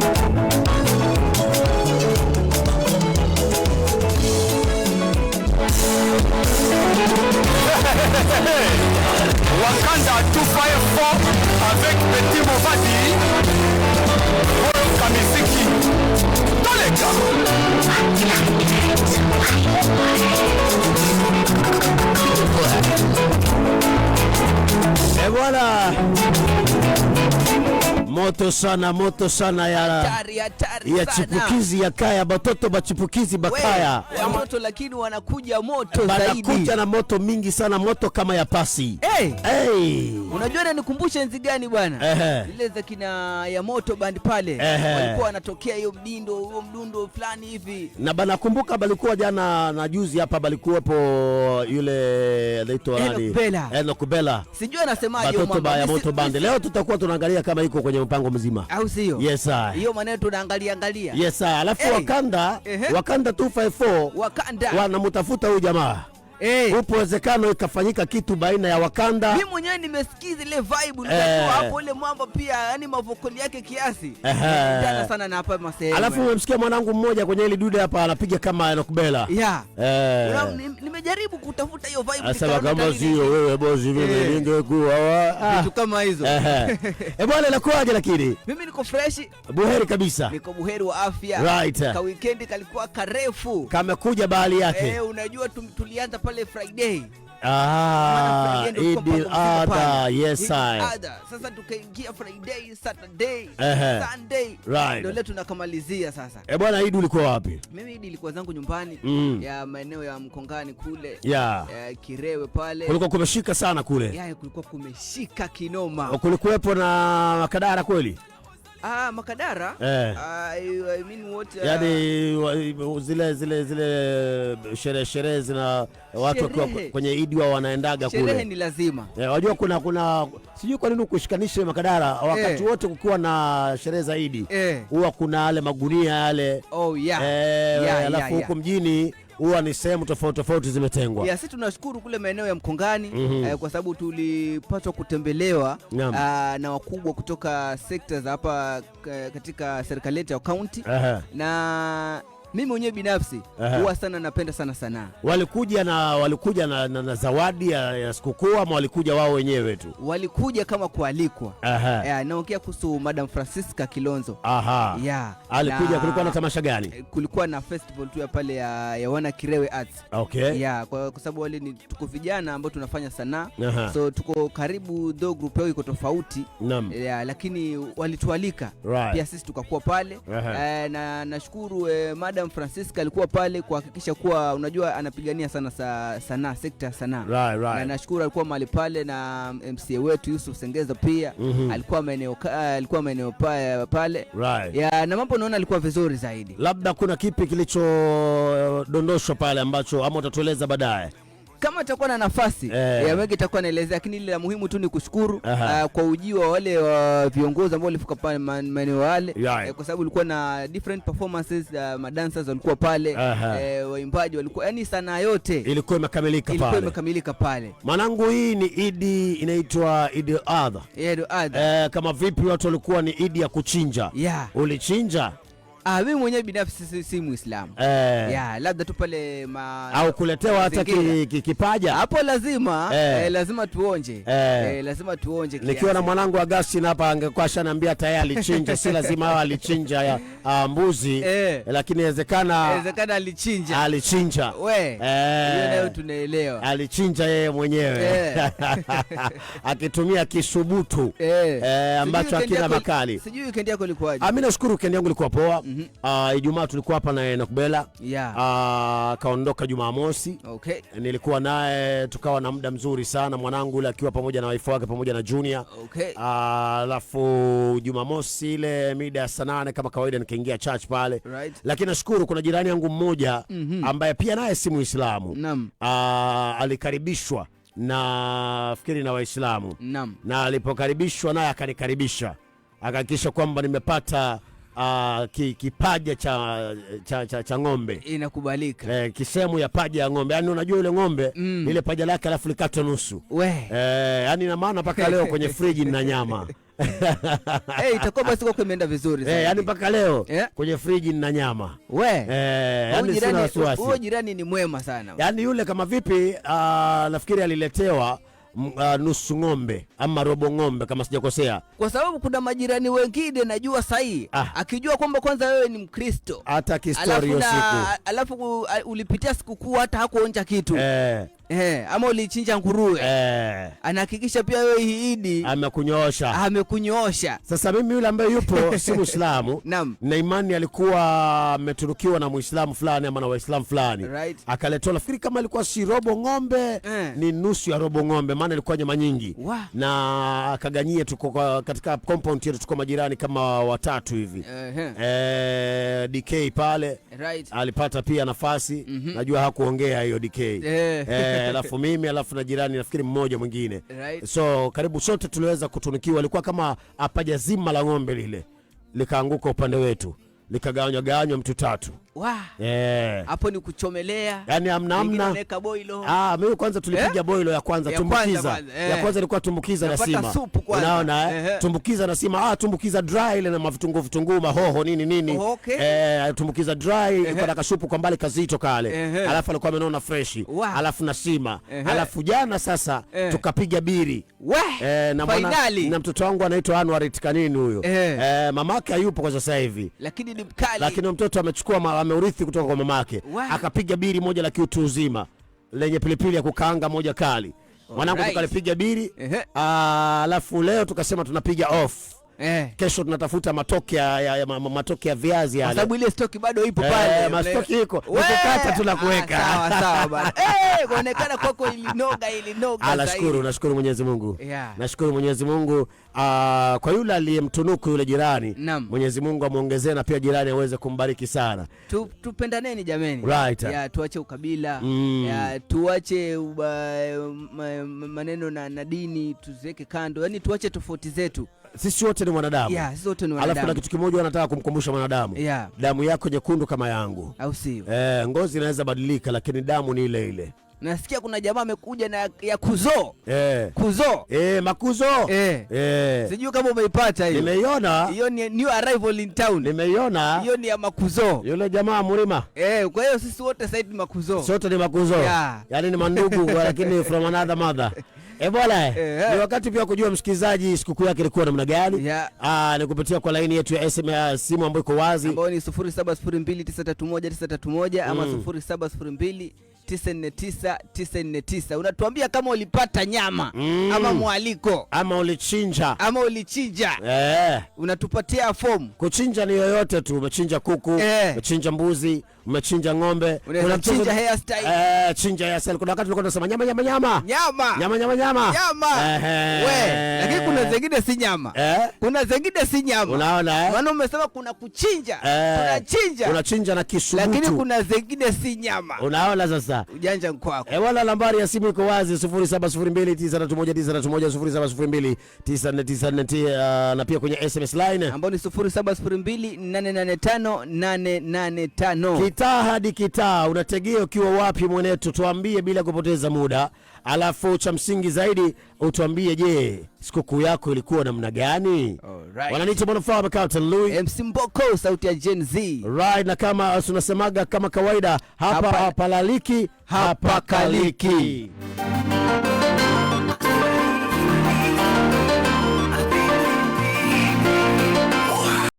Thank you. moto sana, moto sana ya, tari, ya, ya Chipukizi ya kaya batoto bachipukizi bakaya we, moto, lakini wanakuja moto zaidi, wanakuja na moto mingi sana, moto kama ya pasi. hey. hey. Unajua na nanikumbusha enzi gani bwana zile za kina ya moto band pale walikuwa wanatokea hiyo mdindo huo mdundo fulani hivi, na bana kumbuka balikuwa jana na juzi hapa balikuwepo yule anaitwa nani Enokubela, sijui anasemaje moto band. Leo tutakuwa tunaangalia kama iko kwenye mpango mzima, au sio? Yes sir, hiyo maneno tunaangalia angalia. Yes sir, alafu hey. Wakanda, uh -huh. Wakanda 254 Wakanda wanamtafuta huyu jamaa Hey. Upo uwezekano ikafanyika kitu baina ya Wakanda. Mimi mwenyewe nimesikia ile vibe hey. Eh. Hapo ile mwamba pia, yani mavokali yake kiasi hey. Sana na hapa masema. Alafu umemsikia mwanangu mmoja kwenye ile dude hapa anapiga kama anakubela yeah. Hey. Nimejaribu kutafuta hiyo vibe asaba kama sio wewe bosi, mimi eh. ningekuwa ah. vitu kama hizo eh bwana, inakuaje? Lakini mimi niko fresh buheri kabisa, niko buheri wa afya right. Ka weekend kalikuwa karefu, kamekuja bahali yake eh, unajua tulianza pale Friday. Ah, Idil Adha, yes I. Sasa tukaingia Friday, Saturday, Sunday. Ndio leo tunakamalizia sasa. Eh, bwana Idi ulikuwa wapi? Mimi Idi ilikuwa zangu nyumbani mm. ya maeneo ya Mkongani kule. Yeah. Ya Kirewe pale. Kulikuwa kumeshika sana kule. Yeah, kulikuwa kumeshika kinoma. Kulikuwepo na Makadara kweli? Ah, Makadara eh. I, I mean what, uh... yani zile zile zile sherehe sherehe zina watu wakiwa kwenye Idi wa wanaendaga kule. Sherehe ni lazima eh, wajua kuna kuna sijui kwa nini ukushikanishe Makadara wakati eh, wote kukiwa na sherehe za Idi eh. huwa eh, kuna yale magunia yale oh, yeah. eh, yeah, alafu yeah, huko yeah. mjini huwa ni sehemu tofauti tofauti zimetengwa. Sisi tunashukuru kule maeneo ya Mkongani mm -hmm. uh, kwa sababu tulipatwa kutembelewa uh, na wakubwa kutoka sekta za hapa eh, katika serikali yetu ya kaunti na mimi mwenyewe binafsi huwa sana napenda sana sanaa. Walikuja na walikuja na, na, na zawadi ya, ya sikukuu ama walikuja wao wenyewe tu? Walikuja kama kualikwa. Naongea kuhusu Madam Francisca Kilonzo. Aha. Yeah. Alikuja na, kulikuwa na tamasha gani? Eh, kulikuwa na festival tu ya pale ya, ya wana Kirewe Arts. Okay. Yeah, kwa, kwa sababu wale ni tuko vijana ambao tunafanya sanaa. So tuko karibu do group yao iko tofauti. Naam. Yeah, lakini walitualika. Right. Pia sisi tukakuwa pale. Aha. Eh, na nashukuru eh, Madam Madam Francisca alikuwa pale kuhakikisha kuwa unajua anapigania sana sanaa sana, sekta sanaa right, right. Na nashukuru alikuwa mahali pale na MCA wetu Yusuf Sengeza pia mm -hmm. Alikuwa maeneo alikuwa maeneo pale right. Ya, na mambo naona alikuwa vizuri zaidi. Labda kuna kipi kilichodondoshwa pale ambacho ama utatueleza baadaye? kama atakuwa na nafasi eh, ya wengi itakuwa naelezea, lakini ile la muhimu tu ni kushukuru uh, kwa ujio wa wale wa viongozi ambao walifika pale maeneo yale yeah, eh, kwa sababu ulikuwa na different performances uh, madancers walikuwa pale eh, waimbaji walikuwa yani, sanaa yote ilikuwa imekamilika pale, ilikuwa imekamilika pale. Mwanangu, hii ni Idi inaitwa Idi Adha, Idi Adha eh, kama vipi watu walikuwa ni Idi ya kuchinja yeah, ulichinja Ah, mimi mwenyewe binafsi si, si Muislamu. Eh. Ya, labda tu pale ma au kuletewa hata ki, ki, kipaja. Hapo lazima eh. Eh, lazima tuonje. Eh. Eh, lazima tuonje. kiasi. Nikiwa na mwanangu Augustine hapa angekuwa ashaniambia tayari alichinja, si lazima awe alichinja ya ah, mbuzi eh. Lakini inawezekana inawezekana alichinja. Alichinja. We. Eh. Hiyo tunaelewa. Alichinja yeye mwenyewe. Eh. Akitumia kisubutu eh, eh ambacho hakina makali. Sijui kendi yako ilikuwaje? Ah, mimi nashukuru kendi yangu ilikuwa poa. Mm mm -hmm. uh, Ijumaa tulikuwa hapa naye na Kubela yeah. uh, kaondoka Jumamosi okay. nilikuwa naye tukawa na muda mzuri sana mwanangu ule akiwa pamoja na wife wake pamoja na Junior okay. Ah, alafu uh, Jumamosi ile mida ya saa nane kama kawaida nikaingia church pale right. Lakini nashukuru kuna jirani yangu mmoja mm -hmm. ambaye pia naye si Muislamu uh, alikaribishwa na fikiri na Waislamu na alipokaribishwa naye akanikaribisha akahakikisha kwamba nimepata uh, ki, kipaja cha, cha, cha, cha ng'ombe inakubalika, eh, kisehemu ya paja ya ng'ombe. Yani unajua yule ng'ombe mm. ile paja lake alafu likatwe nusu eh, yani ina maana mpaka leo kwenye friji nina nyama hey, eh, itakuwa basi kwa kuenda vizuri sana. Hey, eh, yani mpaka leo yeah. kwenye friji nina nyama. We. Hey, eh, yani sina wasiwasi. Huyo jirani ni mwema sana. Yani yule kama vipi, uh, nafikiri aliletewa uh, nusu ng'ombe ama robo ng'ombe kama sijakosea, kwa sababu kuna majirani wengine najua sahihi ah. Akijua kwamba kwanza wewe ni Mkristo hata kistorio siku alafu ulipitia sikukuu hata hakuonja kitu eh. Eh, ama ulichinja nguruwe. Eh. Anahakikisha pia wewe hii Idi amekunyosha Amekunyoosha. Sasa mimi yule ambaye yupo si Muislamu na imani alikuwa ameturukiwa na Muislamu fulani ama na Waislamu fulani. Right. Akaletewa nafikiri kama alikuwa si robo ng'ombe eh, ni nusu ya robo ng'ombe maana ilikuwa nyama nyingi. Wow. Na akaganyia tuko katika compound yetu tuko majirani kama watatu hivi. Uh -huh. Eh, DK pale. Right. Alipata pia nafasi. Mm -hmm. Najua hakuongea hiyo DK. Eh. eh Eh, alafu mimi alafu na jirani nafikiri mmoja mwingine right. So karibu sote tuliweza kutunikiwa, ilikuwa kama apaja zima la ng'ombe lile likaanguka upande wetu likagawanywa gawanywa mtu tatu hapo yeah. Ni kuchomelea yani, amna amna. Ah, mimi kwanza tulipiga yeah. boilo ya kwanza ya tumbukiza kwanza, eh. ya kwanza ilikuwa tumbukiza na sima, unaona eh? tumbukiza na sima ah, tumbukiza dry ile na mavitungu vitunguu mahoho nini nini oh, okay. eh, tumbukiza dry ilikuwa na kashupu kwa mbali kazito kale, alafu alikuwa amenona fresh, wow. alafu na sima, alafu jana sasa eh. tukapiga biri eh, na mwana, na mtoto wangu anaitwa Anwar Tikanini huyo eh. eh, mamake hayupo kwa sasa hivi, lakini ni mkali, lakini mtoto amechukua ameurithi kutoka kwa mamake yake, Akapiga biri moja la kiutu uzima lenye pilipili ya kukaanga moja kali, mwanangu Tukalipiga biri alafu Leo tukasema tunapiga off eh, kesho tunatafuta matoke ya, ya, ya, matoke ya viazi yale, sababu ile stoki bado ipo eh, pale, mastoki iko ukikata tunakuweka ah, Sawa sawa bana, eh, kuonekana kwako ilinoga, ilinoga ah, Nashukuru, nashukuru Mwenyezi Mungu, nashukuru Mwenyezi Mungu ah, kwa yule aliyemtunuku yule jirani, Mwenyezi Mungu amuongezee na pia jirani aweze kumbariki sana. Tupendaneni jameni, tuache ukabila, mm. tuache maneno na dini, tuziweke kando, yani tuache tofauti zetu sisi wote ni wanadamu. Yeah, sisi wote ni wanadamu. Alafu na kitu kimoja wanataka kumkumbusha mwanadamu. Yeah. Damu yako nyekundu kama yangu. Au sio? Eh, ngozi inaweza badilika lakini damu ni ile ile. Nasikia kuna jamaa amekuja na ya kuzo. Eh. Kuzo. Eh, makuzo. Eh. Eh. Sijui kama umeipata hiyo. Nimeiona. Hiyo ni new arrival in town. Nimeiona. Hiyo ni ya makuzo. Yule jamaa mlima. Eh, kwa hiyo sisi wote sasa hivi makuzo. Sote ni makuzo. Yeah. Yaani ni mandugu lakini from another mother. Eh, bwana eh, eh, ni wakati pia kujua msikilizaji sikukuu yake ilikuwa namna gani? Ah, ni kupitia kwa laini yetu ya SMS simu ambayo iko wazi ambayo ni 0702931931 mm. ama 0702949949. Unatuambia kama ulipata nyama mm, ama mwaliko ama ulichinja ama ulichinja eh, unatupatia fomu. Kuchinja ni yoyote tu, umechinja kuku, eh. umechinja mbuzi umechinja ng'ombe, kuna chinja hairstyle eh, chinja hairstyle. Kuna wakati tulikuwa tunasema nyama nyama nyama nyama nyama nyama nyama nyama, eh we, lakini kuna zingine si nyama eh, kuna zingine si nyama. Unaona eh, maana umesema kuna kuchinja eh, kuna chinja, kuna chinja na kisu, lakini kuna zingine si nyama. Unaona sasa ujanja kwako eh, wala. Nambari ya simu iko wazi 0702931931 0702949494 eh, na pia kwenye SMS line ambayo ni 0702885885 Kitaa hadi kitaa, unategea ukiwa wapi mwenetu? Tuambie bila kupoteza muda, alafu cha msingi zaidi utuambie, je, sikukuu yako ilikuwa namna gani? Wananiita Bonifaa Captain Louis MC Mboko, sauti ya Gen Z. Right, na kama tunasemaga kama kawaida, hapa hapalaliki hapakaliki hapa